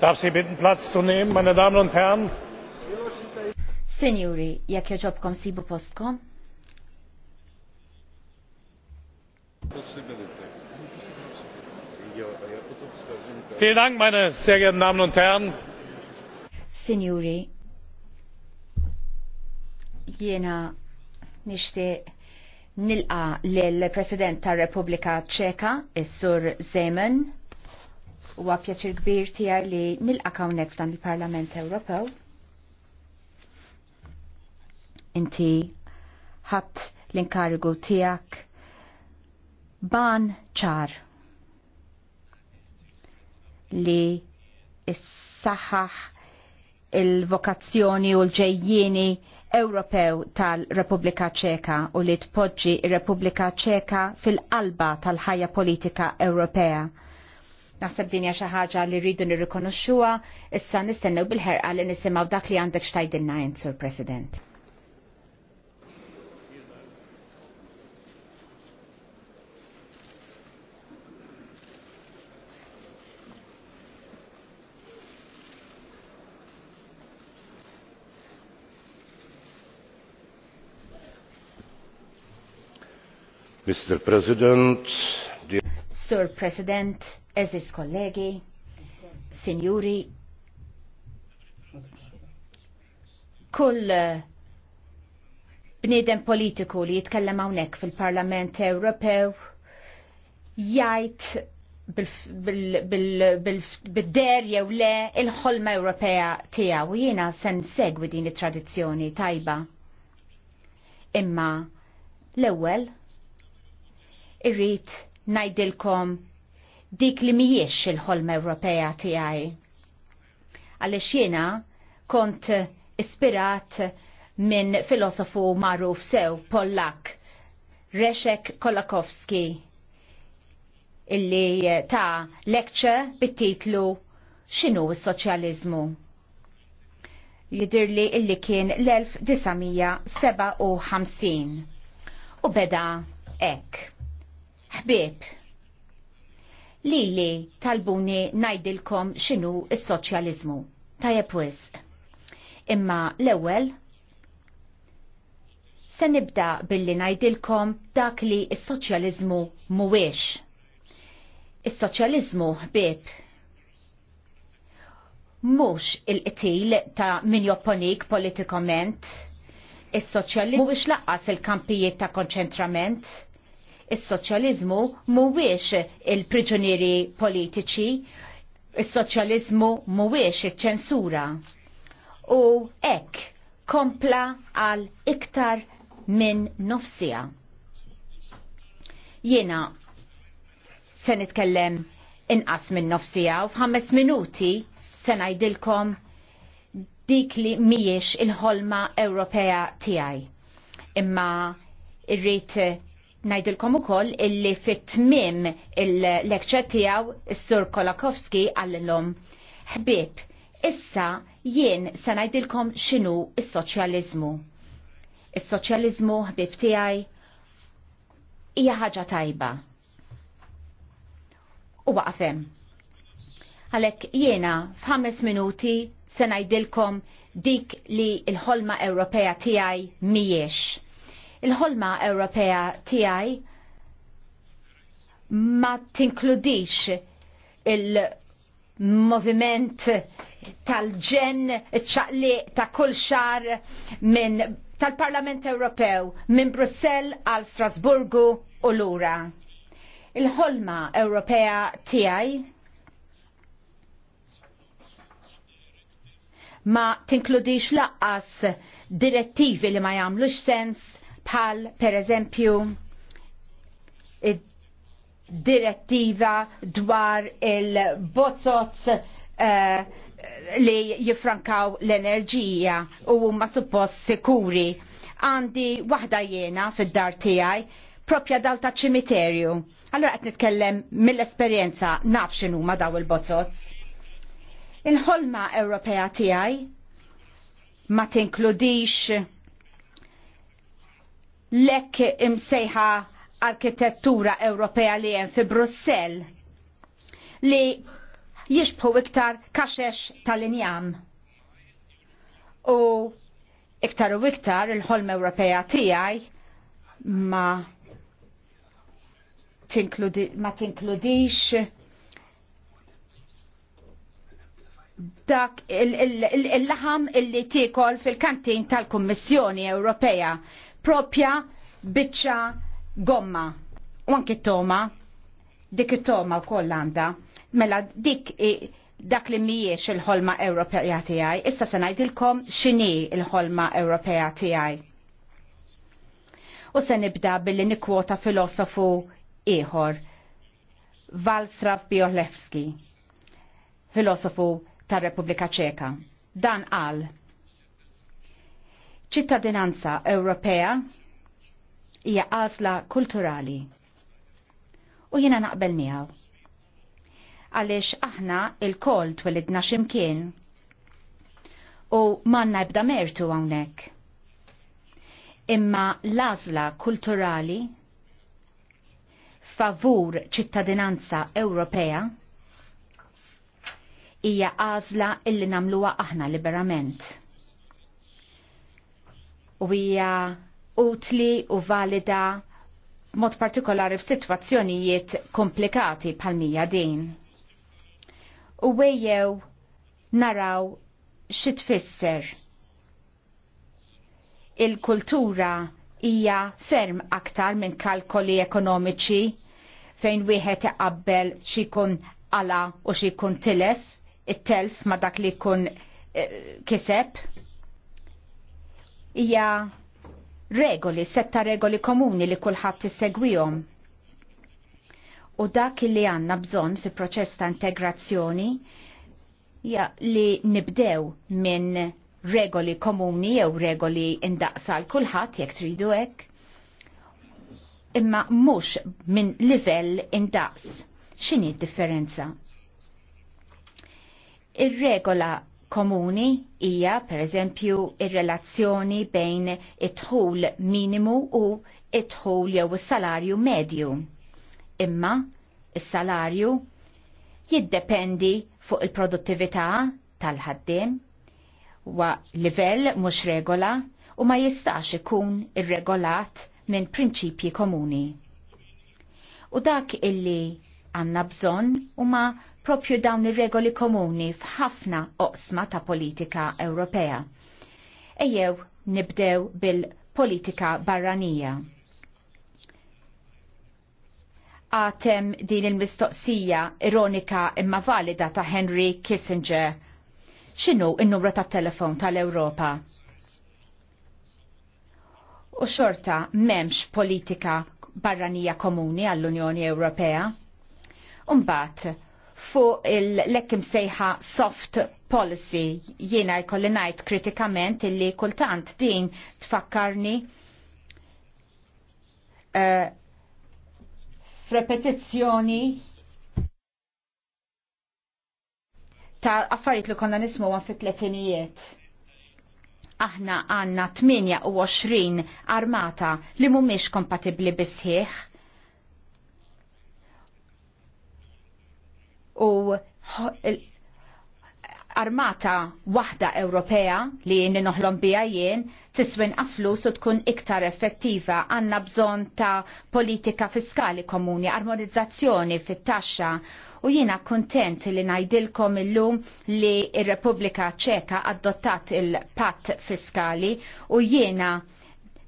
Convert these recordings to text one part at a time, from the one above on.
Darf Sie bitten Platz zu nehmen, meine Damen und Herren? Signori, jekk jaġobkom sibu postkom? Vielen Dank, meine sehr geehrten Damen und Herren. Signori, jena nishti nilqa lil president tar-Repubblika Ċeka, sur Zeman, u għapjaċir kbir tiegħi li nilqakawnek f'dan il-Parlament Ewropew. Inti ħadd l-inkarigu tiegħek ban ċar li s issaħħaħ il-vokazzjoni u l-ġejjieni Ewropew tal-Repubblika Ċeka u li tpoġġi r-Repubblika Ċeka fil-qalba tal-ħajja politika Ewropea Naħseb dinja xi ħaġa li rridu nirrikonoxxuha, issa nistennew bil-ħerqa li nisimgħu dak li għandek xtajdilna int, Sur President. Mr. President, Sur President, eżis kollegi, Signori, kull bniedem politiku li jitkellem hawnhekk fil-Parlament Ewropew jgħid bil-der jew le il-ħolma Ewropea tiegħu jiena se nsegwi din it-tradizzjoni tajba. Imma l-ewwel irrid najdilkom dik li mijiex il-ħolma Ewropea tiegħi. Għaliex jiena kont ispirat minn filosofu magħruf sew Pollak, Reshek Kolakowski, illi ta' lecture bit-titlu X'inhu s-soċjaliżmu? Jidirli illi kien l-1957 u beda ek ħbib, li li talbuni najdilkom xinu il soċjalizmu Tajjeb wisq. Imma l-ewwel se nibda billi najdilkom dak li il soċjalizmu mhuwiex. Is-soċjalizmu ħbieb mux il-qtil ta' min jopponik politikament, is soċjalizmu mux laqqas il-kampijiet ta' konċentrament, Is-soċjaliżmu mhuwiex il-priġunieri politiċi, is-soċjaliżmu mhuwiex iċ-ċensura. U hekk kompla għal iktar minn nofsija. Jiena se nitkellem inqas minn nofsija u f'ħames minuti se ngħidilkom dik li mhijiex il-ħolma Ewropea tiegħi. Imma irrit Najdilkom ukoll illi fit-tmim il-lekċer tiegħu is-Sur Kolakowski għallilom. Ħbib, issa jien se ngħidilkom x'inhu il soċjaliżmu Is-soċjaliżmu ħbib tiegħi hija ħaġa tajba. U waqfem. Għalhekk jiena f'ħames minuti se ngħidilkom dik li l-ħolma Ewropea tiegħi mijiex. Il-ħolma Ewropea tiegħi ma tinkludix il-moviment tal-ġen ċaqli ta' kull xar minn tal-Parlament Ewropew minn Brussell għal Strasburgu u lura. Il-ħolma Ewropea tiegħi ma tinkludix laqqas direttivi li ma jagħmlux sens pal per eżempju direttiva dwar il-bozzot eh, li jifrankaw l-enerġija u huma suppost sikuri. Għandi waħda jena fid-dar tiegħi propja dal ta' ċimiterju. Allora qed nitkellem mill-esperjenza naf x'inhu ma daw il bozzots Il-ħolma Ewropea tiegħi ma tinkludix lekk imsejħa arkitettura Ewropea li hemm fi Brussell li jixbħu iktar kaxex tal-injam. U iktar u iktar il-ħolm Ewropea tiegħi ma tinkludi, ma tinkludix dak il-laħam il, il, il, il illi tikol fil-kantin tal-Kummissjoni Ewropea propja biċċa gomma. U anki toma, dik it-toma wkoll għandha. Mela dik dak li mhijiex il-ħolma Ewropea tiegħi, issa se ngħidilkom x'inhi il-ħolma Ewropea tiegħi. U se nibda billi nikwota filosofu ieħor, Valstrav Biohlewski, filosofu tar-Repubblika Ċeka. Dan qal ċittadinanza Ewropea hija għażla kulturali. U jiena naqbel miegħu. Għaliex aħna il-kol twelidna ximkien u manna ebda mertu hawnhekk. Imma l-għażla kulturali favur ċittadinanza Ewropea hija għażla illi namluha aħna liberament u hija utli u valida mod partikolari f'sitwazzjonijiet komplikati bħalmija din. U wejjew naraw xi tfisser. Il-kultura hija ferm aktar minn kalkoli ekonomiċi fejn wieħed iqabbel xi jkun ala u xi jkun tilef, it-telf ma dak li jkun eh, kiseb hija regoli, setta regoli komuni li kulħadd issegwihom. U dak li għanna bżonn fi proċess ta' integrazzjoni ja, li nibdew minn regoli komuni jew regoli indaqsa l kulħadd jekk tridu hekk imma mhux minn livell indaqs. X'inhi d-differenza? Ir-regola komuni hija pereżempju ir-relazzjoni bejn it-tħul minimu u it-tħul jew is-salarju medju. Imma is-salarju jiddependi fuq il-produttività tal-ħaddiem wa livell mhux regola u ma jistax ikun irregolat minn prinċipji komuni. U dak illi għanna bżonn u ma propju dawn ir-regoli komuni f'ħafna oqsma ta' politika Ewropea. Ejjew nibdew bil-politika barranija. Għatem din il-mistoqsija ironika imma valida ta' Henry Kissinger. X'inhu n-numru tat telefon tal-Ewropa? U xorta memx politika barranija komuni għall-Unjoni Ewropea? Umbat, fuq l-ekkim sejħa soft policy jiena jkolli ngħid kritikament illi kultant din tfakkarni uh, f'repetizzjoni ta' affarijiet li konna nismu għan fit-tletinijiet aħna għanna 28 armata li mumiex kompatibli bisħieħ armata waħda Ewropea li jien noħlom bija jien tiswin flus u tkun iktar effettiva għanna bżon ta' politika fiskali komuni, armonizzazzjoni fit-taxxa u jiena kontent li najdilkom illum li il repubblika Ċeka adottat il-patt fiskali u jiena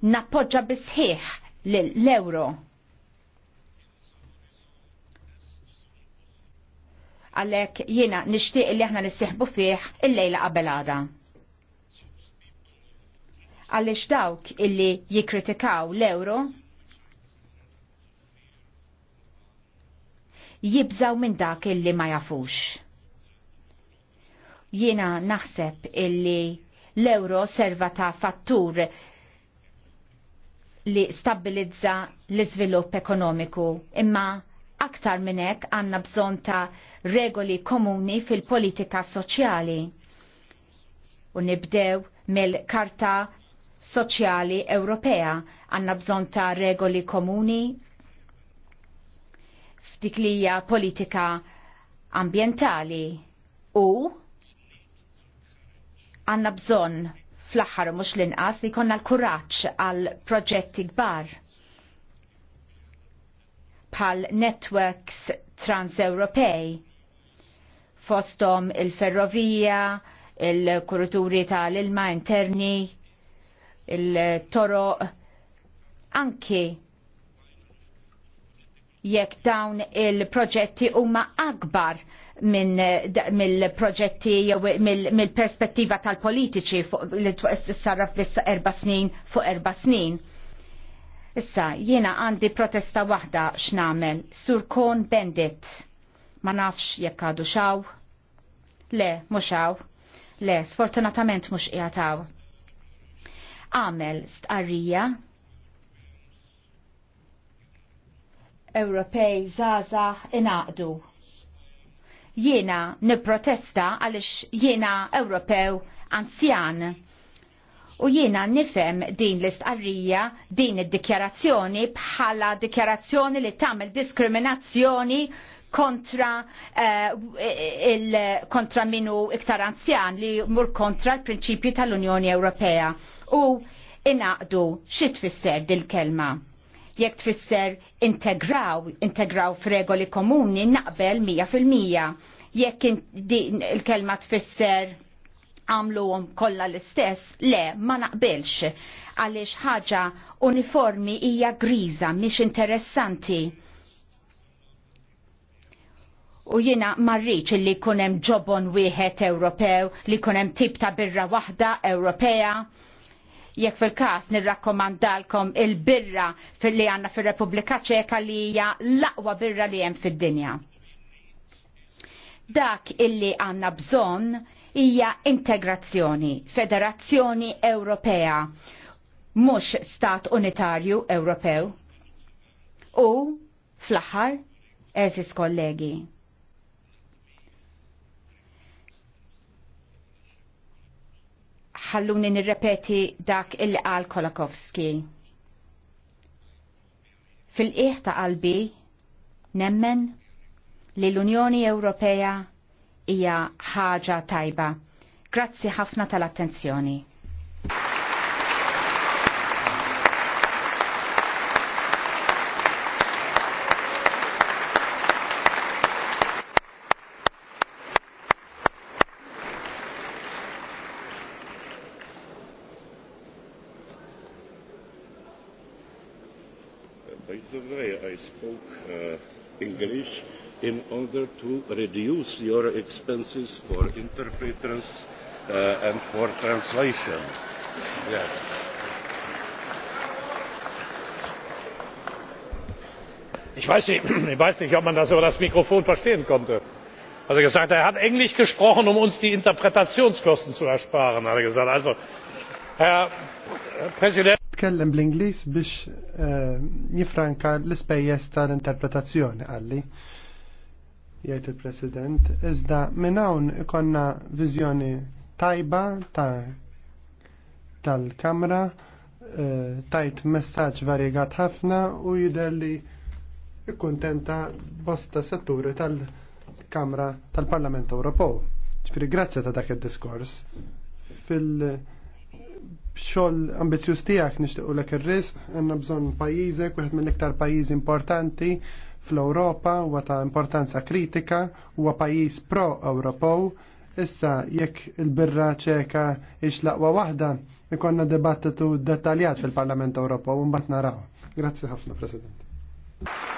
nappoġġa bisħiħ l-euro għalek jiena nishtiq li aħna nissieħbu fih il-lejla qabelada. Għalix dawk illi jikritikaw l-euro jibżaw minn dak illi ma jafux. Jiena naħseb illi l-euro serva ta' fattur li stabilizza l-iżvilupp ekonomiku imma aktar minn hekk għandna bżonn ta' regoli komuni fil-politika soċjali. U nibdew mill-Karta Soċjali Ewropea għandna bżonn ta' regoli komuni f'dik li hija politika ambjentali u għandna bżonn fl-aħħar mhux l-inqas li konna l-kuraġġ għal proġetti kbar bħal networks transeuropej fostom il-ferrovija, il-kurituri tal-ilma interni, il-toro, anki jekk dawn il-proġetti huma akbar minn mill-proġetti jew mill-perspettiva tal-politiċi fuq li sarraf bis erba' snin fuq erba' snin Issa, jiena għandi protesta waħda x'namel, sur kon bendit. Ma nafx jekk għadu xaw. Le, mhux hawn. Le, sfortunatament mhux qiegħed hawn. Għamel stqarrija Ewropej żgħażagħ inaqdu. Jiena nipprotesta għaliex jiena Ewropew anzjan U jiena nifem din l-istqarrija, din id-dikjarazzjoni bħala dikjarazzjoni li tagħmel diskriminazzjoni kontra uh, il kontra minu iktar anzjan li mur kontra l-prinċipju tal-Unjoni Ewropea. U inaqdu xi tfisser dil-kelma. Jekk tfisser integraw, integraw f'regoli komuni naqbel 100%. Jekk il-kelma tfisser għamluhom kollha l-istess, le ma naqbilx għaliex ħaġa uniformi hija griża mhix interessanti. U jina marriċ li kunem ġobon wieħed Ewropew, li kunem tip ta' birra waħda Ewropea. Jekk fil-kas nirrakkomandalkom il-birra fil-li għanna fil-Repubblika ċeka li hija l-aqwa birra li hemm fid-dinja. Dak illi għanna bżonn hija integrazzjoni, federazzjoni Ewropea, mhux stat unitarju Ewropew. U fl-aħħar, eżis kollegi. ħalluni nirrepeti dak il qal Kolakowski. Fil-qieħ ta' qalbi nemmen li l-Unjoni Ewropea hija ħaġa tajba. Grazzi ħafna tal-attenzjoni. By the way, I spoke uh, English in order to reduce your expenses for interpreters uh, and for translation. Yes. Ich weiß, nicht, ich weiß nicht, ob man das über das Mikrofon verstehen konnte. Also er gesagt, er hat Englisch gesprochen, um uns die Interpretationskosten zu ersparen. Hat er gesagt, also, Herr Präsident tkellem bl-Inglis biex jifranka äh, l-ispejjeż tal-interpretazzjoni għalli jgħid il-President, iżda minn hawn ikonna viżjoni tajba tal-Kamra, eh, tajt messaġġ varjegat ħafna u jidher li ikkuntenta bosta setturi tal-Kamra tal-Parlament Ewropew. Ġifieri grazzi ta' dak id-diskors. Fil- xol ambizjuż tiegħek nixtiequ lek ir-risq, għandna bżonn pajjiżek, wieħed mill-iktar pajjiżi importanti fl-Europa huwa ta' importanza kritika huwa pajjiż pro europow issa jekk il-birra ċeka ix laqwa waħda ikonna debattitu dettaljat fil-Parlament Europow un mbagħad naraw. Grazzi ħafna President.